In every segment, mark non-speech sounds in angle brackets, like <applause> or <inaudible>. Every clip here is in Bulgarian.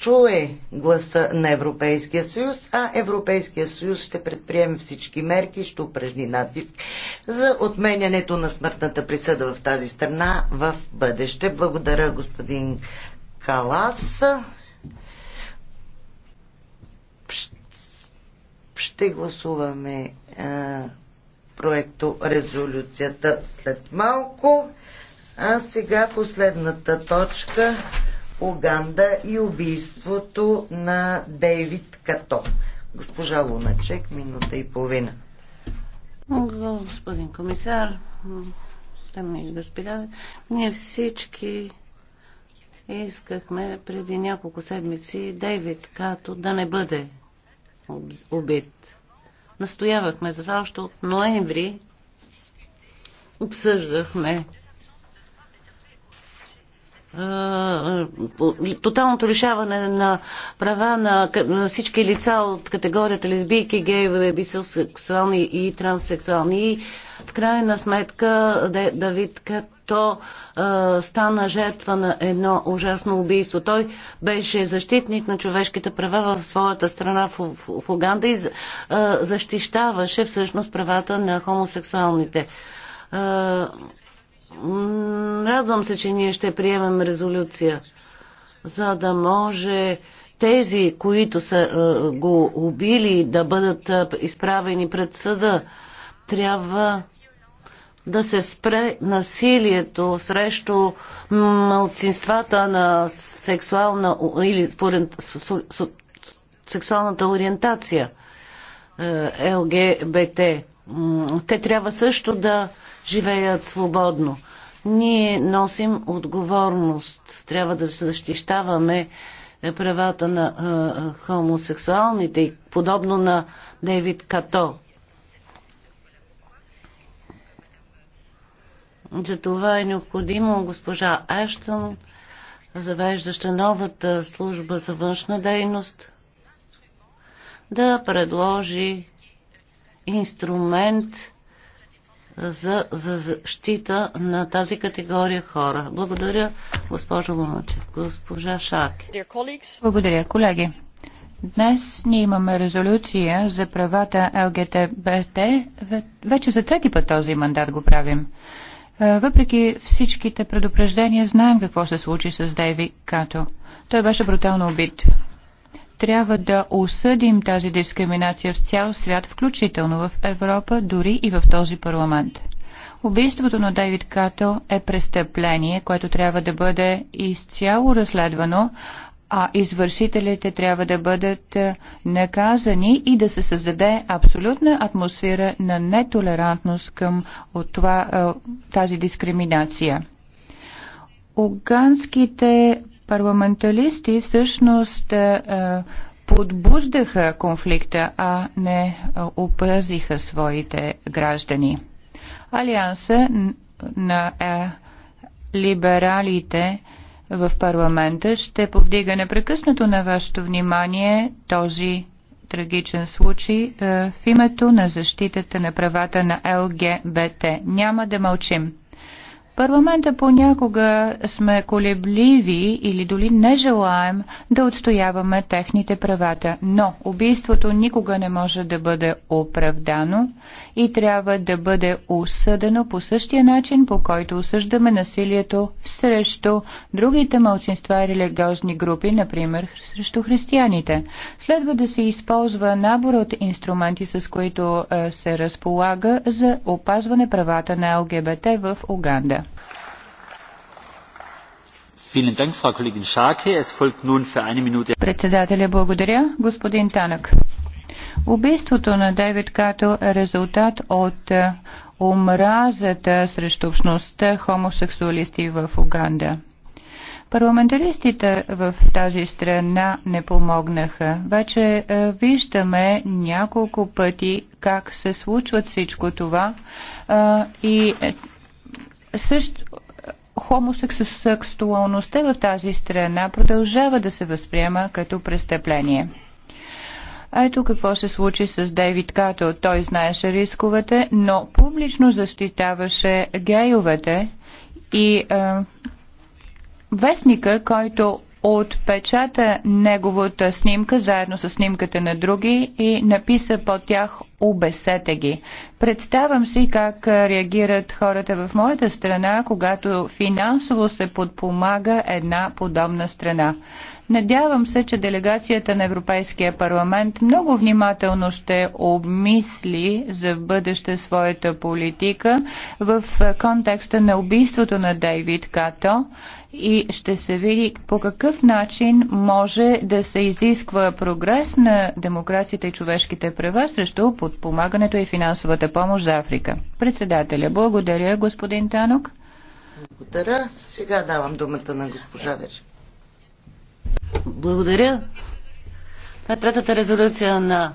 чуе гласа на Европейския съюз, а Европейския съюз ще предприеме всички мерки, ще упражни натиск за отменянето на смъртната присъда в тази страна в бъдеще. Благодаря, господин Калас. Ще гласуваме а, проекто резолюцията след малко. А сега последната точка Уганда и убийството на Дейвид Като. Госпожа Луначек, минута и половина. Господин комисар, дами и господа, ние всички искахме преди няколко седмици Дейвид Като да не бъде убит. Настоявахме за това още от ноември. Обсъждахме тоталното лишаване на права на, на всички лица от категорията лесбийки, гейове, бисексуални и транссексуални. И в крайна сметка Давид като стана жертва на едно ужасно убийство. Той беше защитник на човешките права в своята страна в, в, в Уганда и а, защищаваше всъщност правата на хомосексуалните. А, Радвам се, че ние ще приемем резолюция, за да може тези, които са е, го убили, да бъдат е, изправени пред съда. Трябва да се спре насилието срещу мълцинствата на сексуална или според сексуалната ориентация е, ЛГБТ. Те трябва също да живеят свободно. Ние носим отговорност. Трябва да защищаваме правата на а, хомосексуалните, подобно на Дейвид Като. За това е необходимо госпожа Аштън, завеждаща новата служба за външна дейност, да предложи инструмент, за, за защита на тази категория хора. Благодаря, госпожо Луначев. Госпожа Шаки. Благодаря, колеги. Днес ние имаме резолюция за правата ЛГТБТ. Вече за трети път този мандат го правим. Е, въпреки всичките предупреждения, знаем какво се случи с Дейви Като. Той беше брутално убит трябва да осъдим тази дискриминация в цял свят, включително в Европа, дори и в този парламент. Убийството на Дейвид Като е престъпление, което трябва да бъде изцяло разследвано, а извършителите трябва да бъдат е, наказани и да се създаде абсолютна атмосфера на нетолерантност към от това, е, тази дискриминация. Уганските парламенталисти всъщност е, е, подбуждаха конфликта, а не е, опазиха своите граждани. Алианса на либералите в парламента ще повдига непрекъснато на вашето внимание този трагичен случай в името на защитата на правата на ЛГБТ. Няма да мълчим парламента понякога сме колебливи или дори не желаем да отстояваме техните правата, но убийството никога не може да бъде оправдано и трябва да бъде осъдено по същия начин, по който осъждаме насилието срещу другите мълчинства и религиозни групи, например срещу християните. Следва да се използва набор от инструменти, с които е, се разполага за опазване правата на ЛГБТ в Уганда. Председателя, благодаря. Господин Танък. Убийството на Дейвид Като е резултат от е, омразата срещу общността хомосексуалисти в Уганда. Парламентаристите в тази страна не помогнаха. Вече е, виждаме няколко пъти как се случват всичко това е, и също хомосексуалността в тази страна продължава да се възприема като престъпление. Ето какво се случи с Дейвид Като. Той знаеше рисковете, но публично защитаваше гейовете и е, вестника, който отпечата неговата снимка заедно с снимката на други и написа под тях «Обесете ги». Представам си как реагират хората в моята страна, когато финансово се подпомага една подобна страна. Надявам се, че делегацията на Европейския парламент много внимателно ще обмисли за в бъдеще своята политика в контекста на убийството на Дейвид Като и ще се види по какъв начин може да се изисква прогрес на демокрацията и човешките права срещу подпомагането и финансовата помощ за Африка. Председателя, благодаря, господин Танок. Благодаря. Сега давам думата на госпожа Вержи. Благодаря. Това е третата резолюция на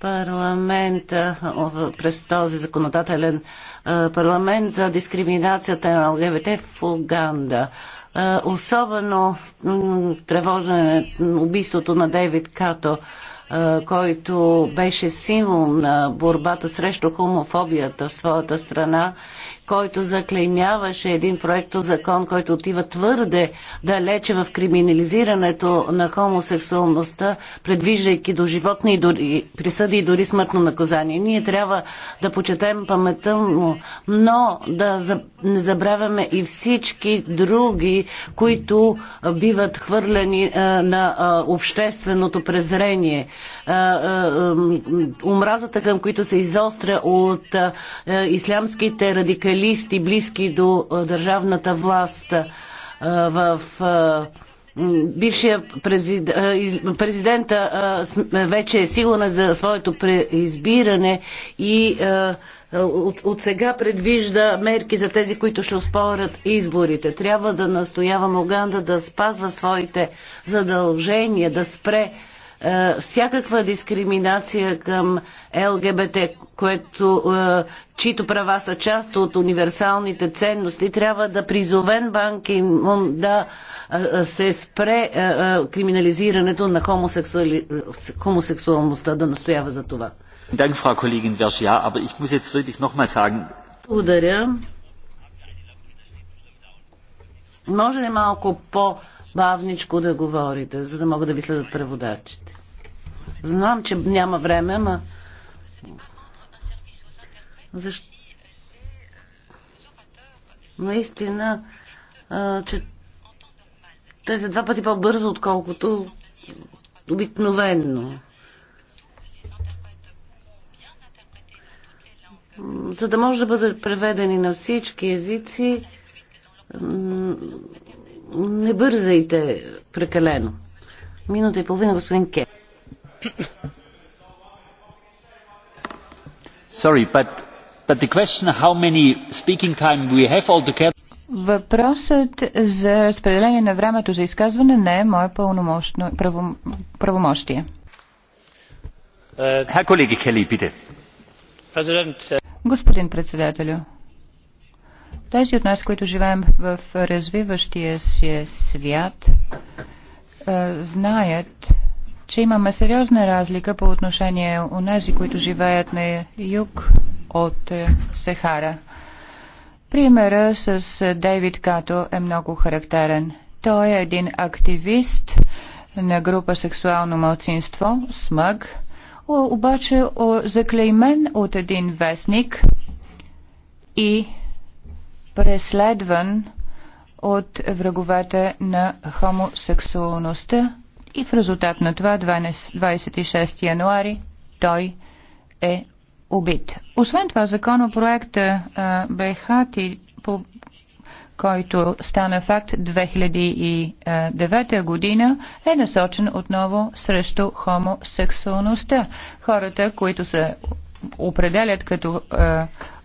парламента през този законодателен парламент за дискриминацията на ЛГБТ в Уганда. Особено тревожно е убийството на Дейвид Като, който беше символ на борбата срещу хомофобията в своята страна който заклеймяваше един проекто закон, който отива твърде далече в криминализирането на хомосексуалността, предвиждайки до животни и дори, присъди и дори смъртно наказание. Ние трябва да почетем паметта му, но да не забравяме и всички други, които биват хвърлени е, на е, общественото презрение. Е, омразата, към които се изостря от ислямските радикали специалисти, близки до държавната власт в бившия президент, президента вече е сигурен за своето преизбиране и от, от сега предвижда мерки за тези, които ще успорят изборите. Трябва да настоява Моганда да спазва своите задължения, да спре е, всякаква дискриминация към ЛГБТ, което, е, чието права са част от универсалните ценности, трябва да призовен Банки да е, се спре криминализирането на хомосексуали... хомосексуалността, да настоява за това. Благодаря. Може ли малко по- бавничко да говорите, за да могат да ви следят преводачите. Знам, че няма време, ма... Защо? Наистина, а, че те са два пъти по-бързо, отколкото обикновенно. За да може да бъдат преведени на всички езици, не бързайте прекалено. Минута и половина, господин Ке. Sorry, but, but the question how many speaking time we have all together... Въпросът за разпределение на времето за изказване не е мое пълномощно право, правомощие. Е, е- господин председателю, тези от нас, които живеем в развиващия се свят, е, знаят, че имаме сериозна разлика по отношение у нези, които живеят на юг от е, Сахара. Примера с е, Дейвид Като е много характерен. Той е един активист на група сексуално мълцинство, СМъг, обаче заклеймен от един вестник и преследван от враговете на хомосексуалността и в резултат на това 26 януари той е убит. Освен това, законопроекта Бехати, по който стана факт 2009 година, е насочен отново срещу хомосексуалността. Хората, които се определят като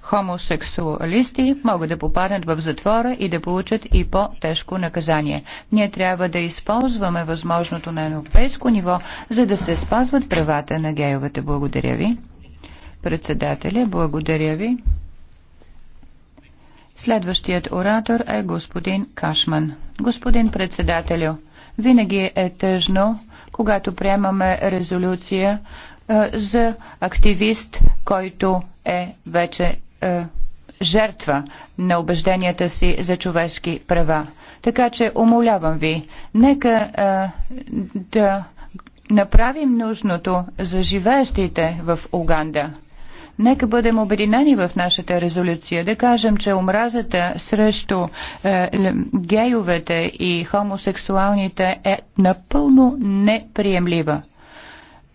хомосексуалисти могат да попаднат в затвора и да получат и по-тежко наказание. Ние трябва да използваме възможното на европейско ниво, за да се спазват правата на гейовете. Благодаря ви. Председателя, благодаря ви. Следващият оратор е господин Кашман. Господин председателю, винаги е тъжно, когато приемаме резолюция, за активист, който е вече е, жертва на убежденията си за човешки права. Така че, умолявам ви, нека е, да направим нужното за живеещите в Уганда. Нека бъдем обединени в нашата резолюция да кажем, че омразата срещу е, гейовете и хомосексуалните е напълно неприемлива.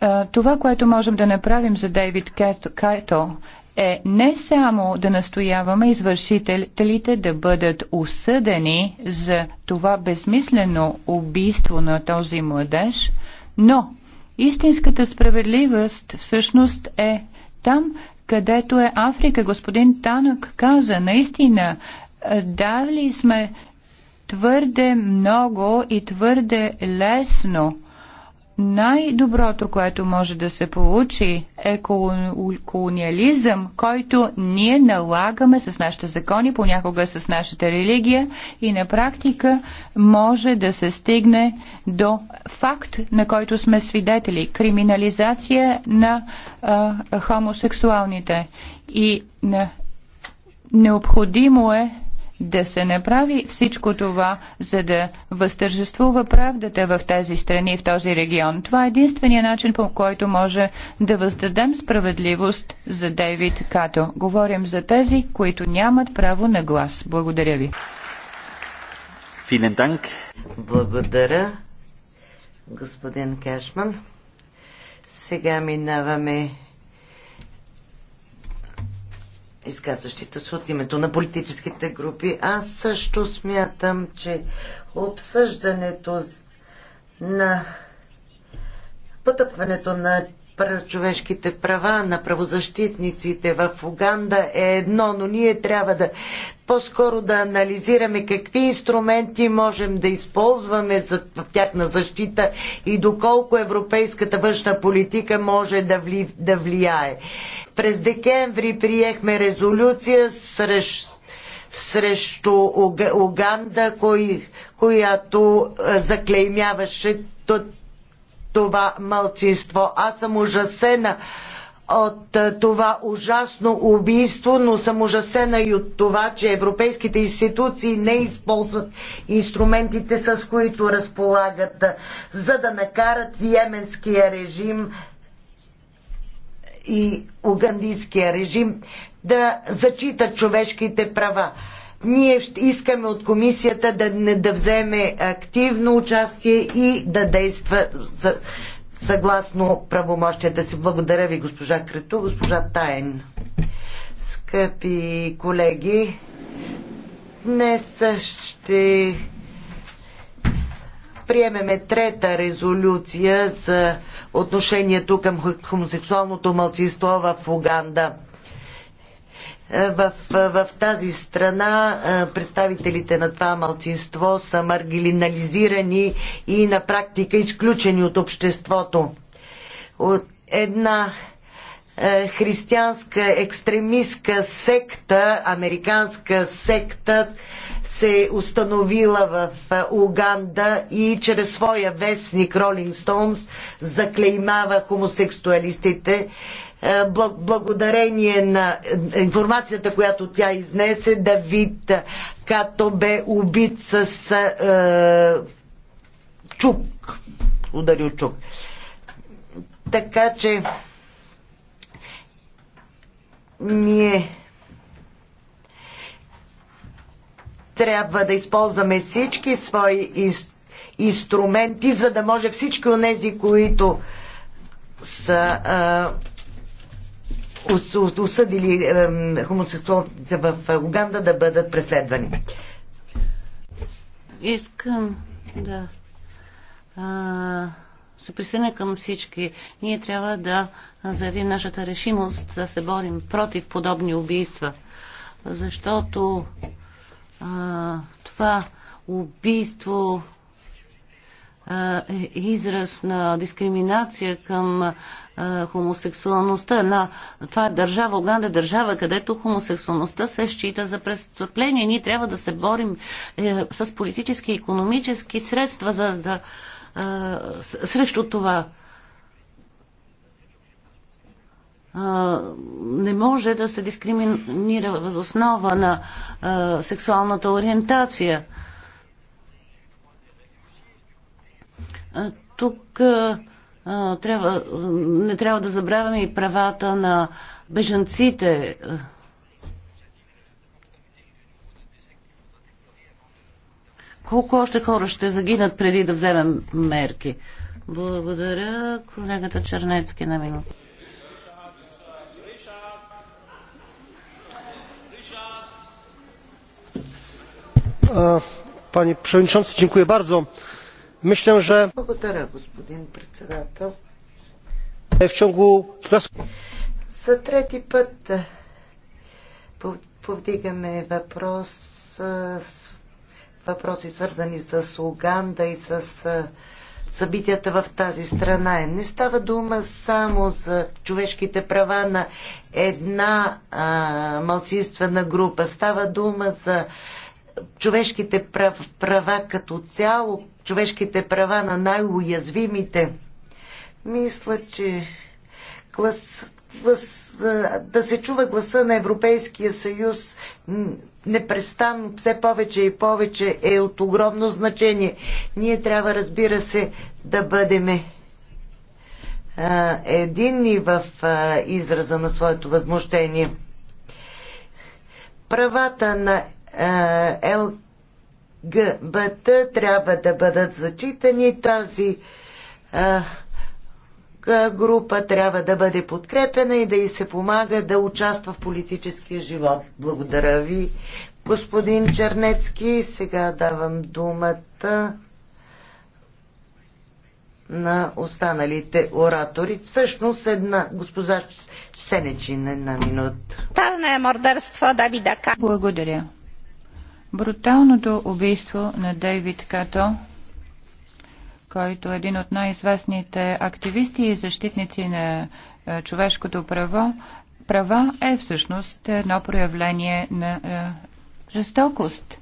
Е, това, което можем да направим за Дейвид Като, е не само да настояваме извършителите да бъдат осъдени за това безмислено убийство на този младеж, но истинската справедливост всъщност е там, където е Африка. Господин Танък каза, наистина, е, дали сме твърде много и твърде лесно най-доброто, което може да се получи е колониализъм, който ние налагаме с нашите закони, понякога с нашата религия и на практика може да се стигне до факт, на който сме свидетели криминализация на а, хомосексуалните. И а, необходимо е да се направи всичко това, за да възтържествува правдата в тези страни, и в този регион. Това е единствения начин, по който може да въздадем справедливост за Дейвид Като. Говорим за тези, които нямат право на глас. Благодаря ви. Благодаря, господин Кешман. Сега минаваме изказващите се от името на политическите групи. Аз също смятам, че обсъждането на потъпването на човешките права на правозащитниците в Уганда е едно, но ние трябва да по-скоро да анализираме какви инструменти можем да използваме за, в тяхна защита и доколко европейската външна политика може да, вли, да влияе. През декември приехме резолюция срещу срещу Уганда, кой, която заклеймяваше това мълцинство. Аз съм ужасена от е, това ужасно убийство, но съм ужасена и от това, че европейските институции не използват инструментите, с които разполагат, е, за да накарат йеменския режим и угандийския режим да зачита човешките права. Ние искаме от комисията да, да вземе активно участие и да действа съгласно правомощията си. Благодаря ви, госпожа Крето, госпожа Тайн. Скъпи колеги, днес ще приемеме трета резолюция за отношението към хомосексуалното мълцинство в Уганда в, в тази страна представителите на това малцинство са маргинализирани и на практика изключени от обществото. От една е, християнска екстремистка секта, американска секта, се установила в Уганда и чрез своя вестник Ролинг Стоунс заклеймава хомосексуалистите. Е, благодарение на е, информацията, която тя изнесе, Давид Като бе убит с е, чук. Ударил чук. Така че ние Трябва да използваме всички свои инструменти инструменти, за да може всички от тези, които са а, осъдили хомосексуалните в Уганда, да бъдат преследвани. Искам да а, се присъединя към всички. Ние трябва да заявим нашата решимост да се борим против подобни убийства, защото а, това убийство е израз на дискриминация към хомосексуалността. На, това е държава, Уганда е държава, където хомосексуалността се счита за престъпление. Ние трябва да се борим е, с политически и економически средства за да, а, срещу това. не може да се дискриминира въз основа на а, сексуалната ориентация. А, тук а, трябва, не трябва да забравяме и правата на бежанците. Колко още хора ще загинат преди да вземем мерки? Благодаря колегата Чернецки на минута. Panie Przewodniczący, dziękuję bardzo. Myślę, że w ciągu... За трети път е, повдигаме въпрос, е, въпроси свързани с Уганда и с е, събитията в тази страна. Не става дума само за човешките права на една а, малцинствена група. Става дума за човешките прав, права като цяло, човешките права на най-уязвимите. Мисля, че клас, клас, да се чува гласа на Европейския съюз непрестанно, все повече и повече е от огромно значение. Ние трябва, разбира се, да бъдеме единни в израза на своето възмущение. Правата на е, ЛГБТ трябва да бъдат зачитани. Тази е, група трябва да бъде подкрепена и да й се помага да участва в политическия живот. Благодаря ви, господин Чернецки. Сега давам думата на останалите оратори. Всъщност една госпожа Сенечин, една минута. Талне мордърство Давида Благодаря. Бруталното убийство на Дейвид Като, който е един от най-известните активисти и защитници на е, човешкото право, права е всъщност едно проявление на е, жестокост.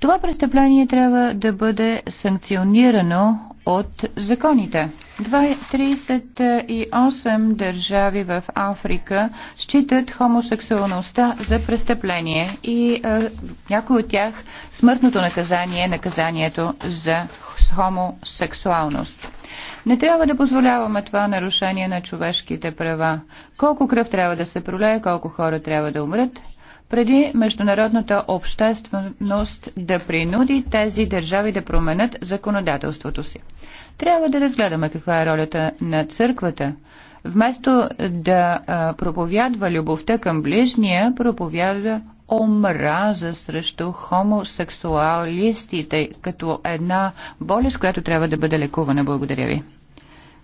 Това престъпление трябва да бъде санкционирано от законите. 38 държави в Африка считат хомосексуалността за престъпление и е, някои от тях смъртното наказание е наказанието за хомосексуалност. Не трябва да позволяваме това нарушение на човешките права. Колко кръв трябва да се пролее, колко хора трябва да умрат, преди международната общественост да принуди тези държави да променят законодателството си. Трябва да разгледаме каква е ролята на църквата. Вместо да проповядва любовта към ближния, проповядва омраза срещу хомосексуалистите като една болест, която трябва да бъде лекувана. Благодаря ви.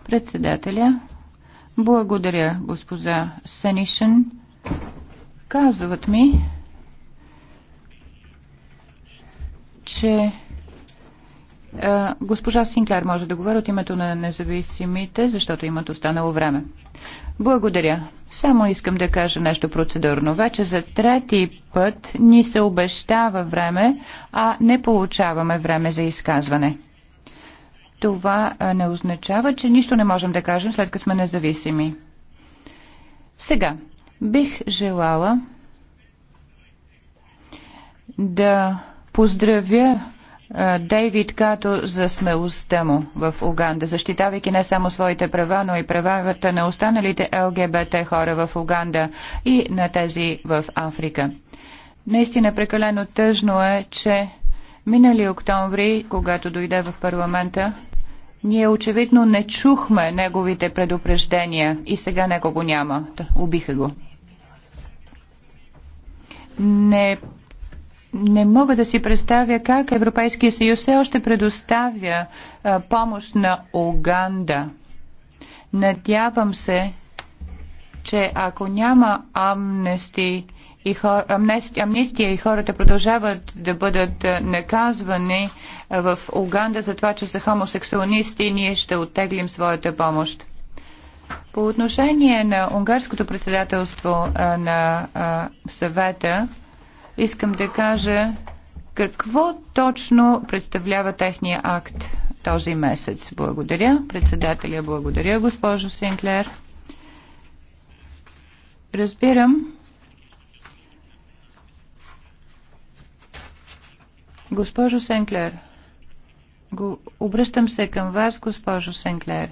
Председателя, благодаря госпожа Сенишен. Казват ми, че госпожа Синклер може да говори от името на независимите, защото имат останало време. Благодаря. Само искам да кажа нещо процедурно. Вече за трети път ни се обещава време, а не получаваме време за изказване. Това не означава, че нищо не можем да кажем след като сме независими. Сега, Бих желала да поздравя Дейвид Като за смелостта му в Уганда, защитавайки не само своите права, но и правата на останалите ЛГБТ хора в Уганда и на тези в Африка. Наистина прекалено тъжно е, че минали октомври, когато дойде в парламента, ние очевидно не чухме неговите предупреждения и сега него го няма. Убиха го не, не мога да си представя как Европейския съюз все още предоставя а, помощ на Уганда. Надявам се, че ако няма амнести и хор, амнести, амнистия и хората продължават да бъдат наказвани в Уганда за това, че са хомосексуалисти, ние ще оттеглим своята помощ. По отношение на унгарското председателство на съвета, искам да кажа какво точно представлява техния акт този месец. Благодаря. Председателя, благодаря, госпожо Синклер. Разбирам. Госпожо Сенклер, обръщам се към вас, госпожо Сенклер.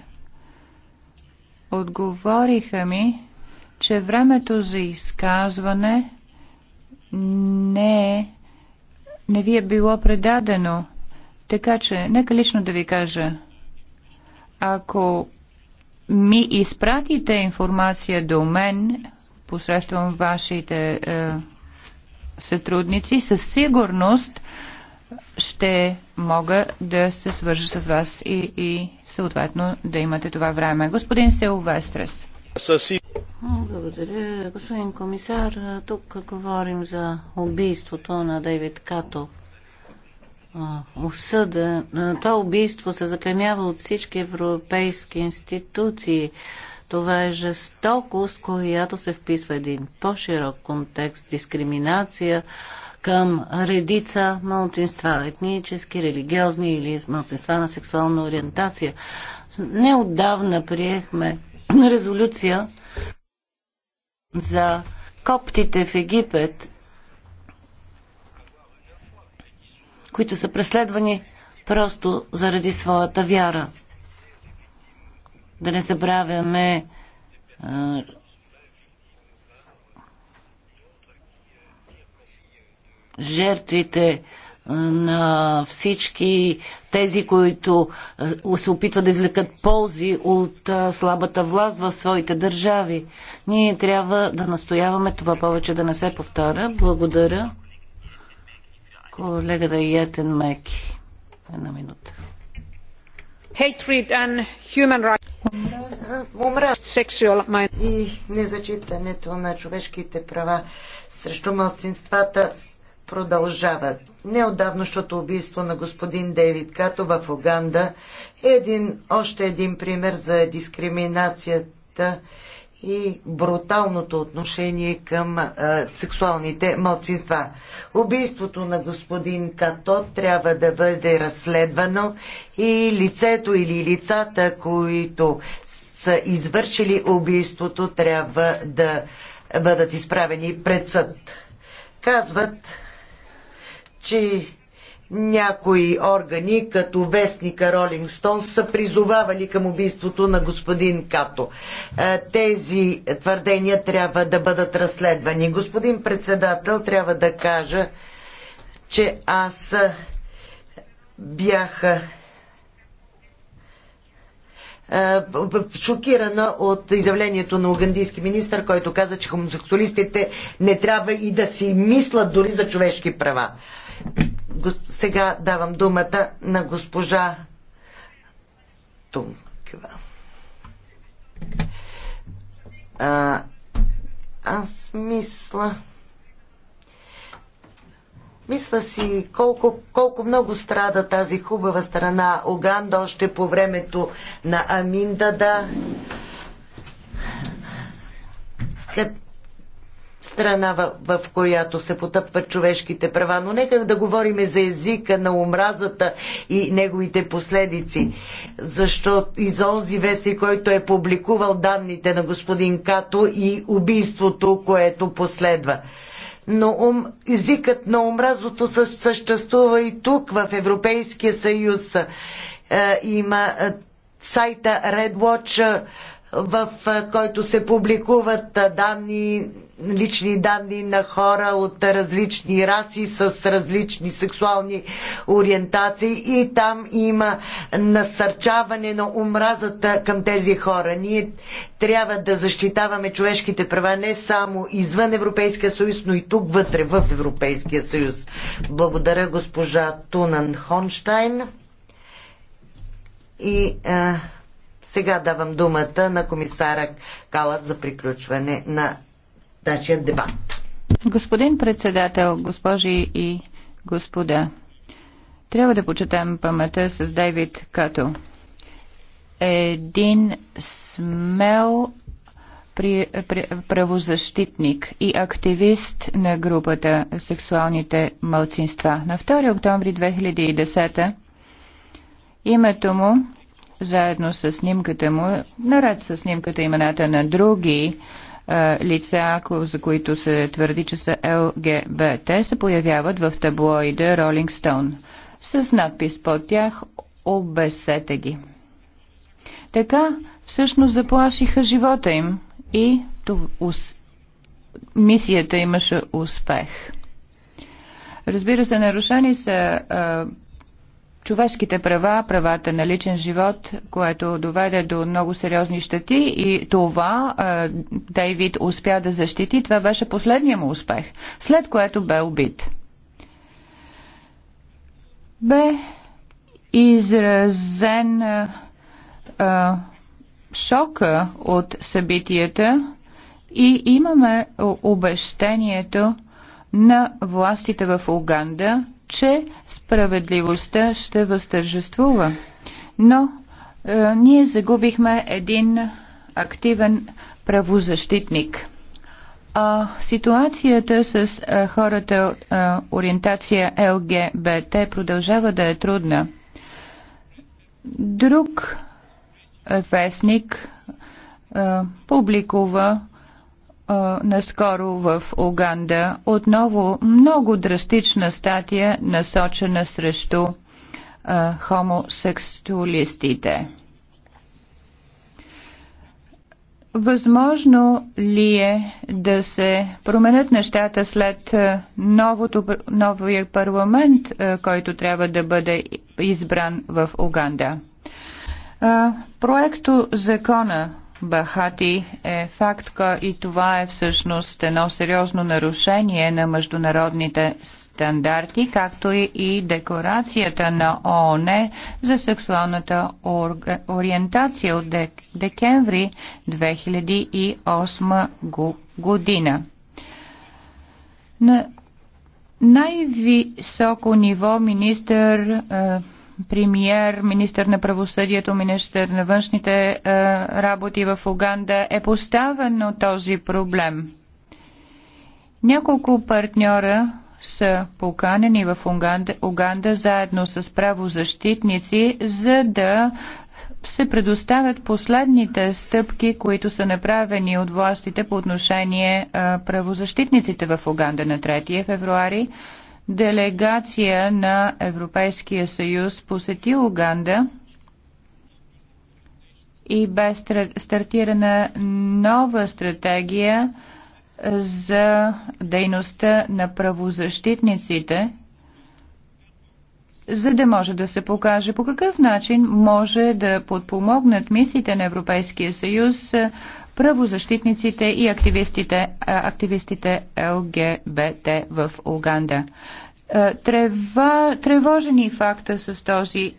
Отговориха ми, че времето за изказване не е не ви е било предадено. Така че, нека лично да ви кажа, ако ми изпратите информация до мен посредством вашите е, сътрудници, със сигурност ще мога да се свържа с вас и, и съответно да имате това време. Господин Вестрес. Благодаря, господин комисар. Тук говорим за убийството на Дейвид Като. Осъда. Това убийство се заклемява от всички европейски институции. Това е жестокост, която се вписва един по-широк контекст, дискриминация, към редица мълцинства, етнически, религиозни или мълцинства на сексуална ориентация. Неотдавна приехме <clears throat> резолюция за коптите в Египет, които са преследвани просто заради своята вяра. Да не забравяме жертвите на всички тези, които се опитват да извлекат ползи от слабата власт в своите държави. Ние трябва да настояваме това повече да не се повтаря. Благодаря. Колегата етен Меки. Една минута. Hatred and human rights. Омраз и незачитането на човешките права срещу мълцинствата продължават. защото убийство на господин Дейвид Като в Уганда е един, още един пример за дискриминацията и бруталното отношение към а, сексуалните малцинства. Убийството на господин Като трябва да бъде разследвано и лицето или лицата, които са извършили убийството, трябва да бъдат изправени пред съд. Казват, че някои органи, като вестника Ролинг Стоун, са призовавали към убийството на господин Като. Е, тези твърдения трябва да бъдат разследвани. Господин председател, трябва да кажа, че аз бях е, шокирана от изявлението на угандийски министр, който каза, че хомосексуалистите не трябва и да си мислят дори за човешки права. Сега давам думата на госпожа Тумкива. А, аз мисля. Мисля си колко, колко много страда тази хубава страна Уганда още по времето на Аминдада. Кът, страна, в, в която се потъпват човешките права, но нека да говорим за езика на омразата и неговите последици. Защо и за онзи вести, който е публикувал данните на господин Като и убийството, което последва но ум, езикът на омразото съществува и тук, в Европейския съюз. Е, има е, сайта Red Watch, е, в е, който се публикуват е, данни лични данни на хора от различни раси, с различни сексуални ориентации и там има насърчаване на омразата към тези хора. Ние трябва да защитаваме човешките права не само извън Европейския съюз, но и тук вътре в Европейския съюз. Благодаря госпожа Тунан Хонштайн. И а, сега давам думата на комисара Калас за приключване на нашия дебат. Господин председател, госпожи и господа, трябва да почетем памета с Дейвид Като. Един смел правозащитник и активист на групата Сексуалните мълцинства. На 2 октомври 2010 името му, заедно с снимката му, наред с снимката имената на други е, лица, за които се твърди, че са ЛГБТ, се появяват в таблоида Rolling Stone с надпис под тях «Обесете ги». Така всъщност заплашиха живота им и мисията имаше успех. Разбира се, нарушени са а, е, човешките права, правата на личен живот, което доведе до много сериозни щети и това е, Дейвид успя да защити. Това беше последния му успех, след което бе убит. Бе изразен е, е, шока от събитията и имаме е, обещението на властите в Уганда – че справедливостта ще възтържествува. Но е, ние загубихме един активен правозащитник. А ситуацията с а, е, хората а, е, ориентация ЛГБТ продължава да е трудна. Друг е, вестник а, публикува наскоро в Уганда отново много драстична статия, насочена срещу а, хомосексуалистите. Възможно ли е да се променят нещата след новото, новия парламент, който трябва да бъде избран в Уганда? Проекто закона Бахати е фактка и това е всъщност едно сериозно нарушение на международните стандарти, както и декларацията на ООН за сексуалната ориентация от декември 2008 година. На най-високо ниво министър е, премьер, министър на правосъдието, министър на външните е, работи в Уганда е поставено този проблем. Няколко партньора са поканени в Уганда, Уганда заедно с правозащитници, за да се предоставят последните стъпки, които са направени от властите по отношение е, правозащитниците в Уганда на 3 февруари делегация на Европейския съюз посети Уганда и бе стартирана нова стратегия за дейността на правозащитниците, за да може да се покаже по какъв начин може да подпомогнат мисиите на Европейския съюз правозащитниците и активистите, активистите ЛГБТ в Уганда. Е, трева, тревожени факта с този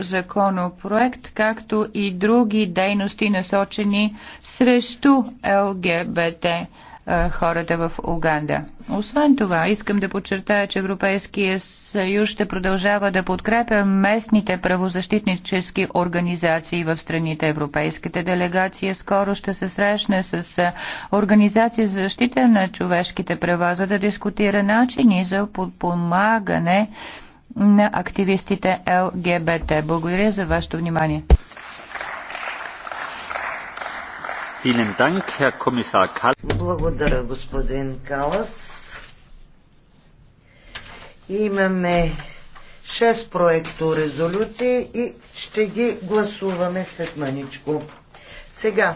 законопроект, както и други дейности насочени срещу ЛГБТ хората в Уганда. Освен това, искам да подчертая, че Европейския съюз ще продължава да подкрепя местните правозащитнически организации в страните. Европейската делегация скоро ще се срещне с Организация за защита на човешките права, за да дискутира начини за подпомагане на активистите ЛГБТ. Благодаря за вашето внимание. Благодаря, господин Калас. Имаме 6 проекто резолюции и ще ги гласуваме след маничко. Сега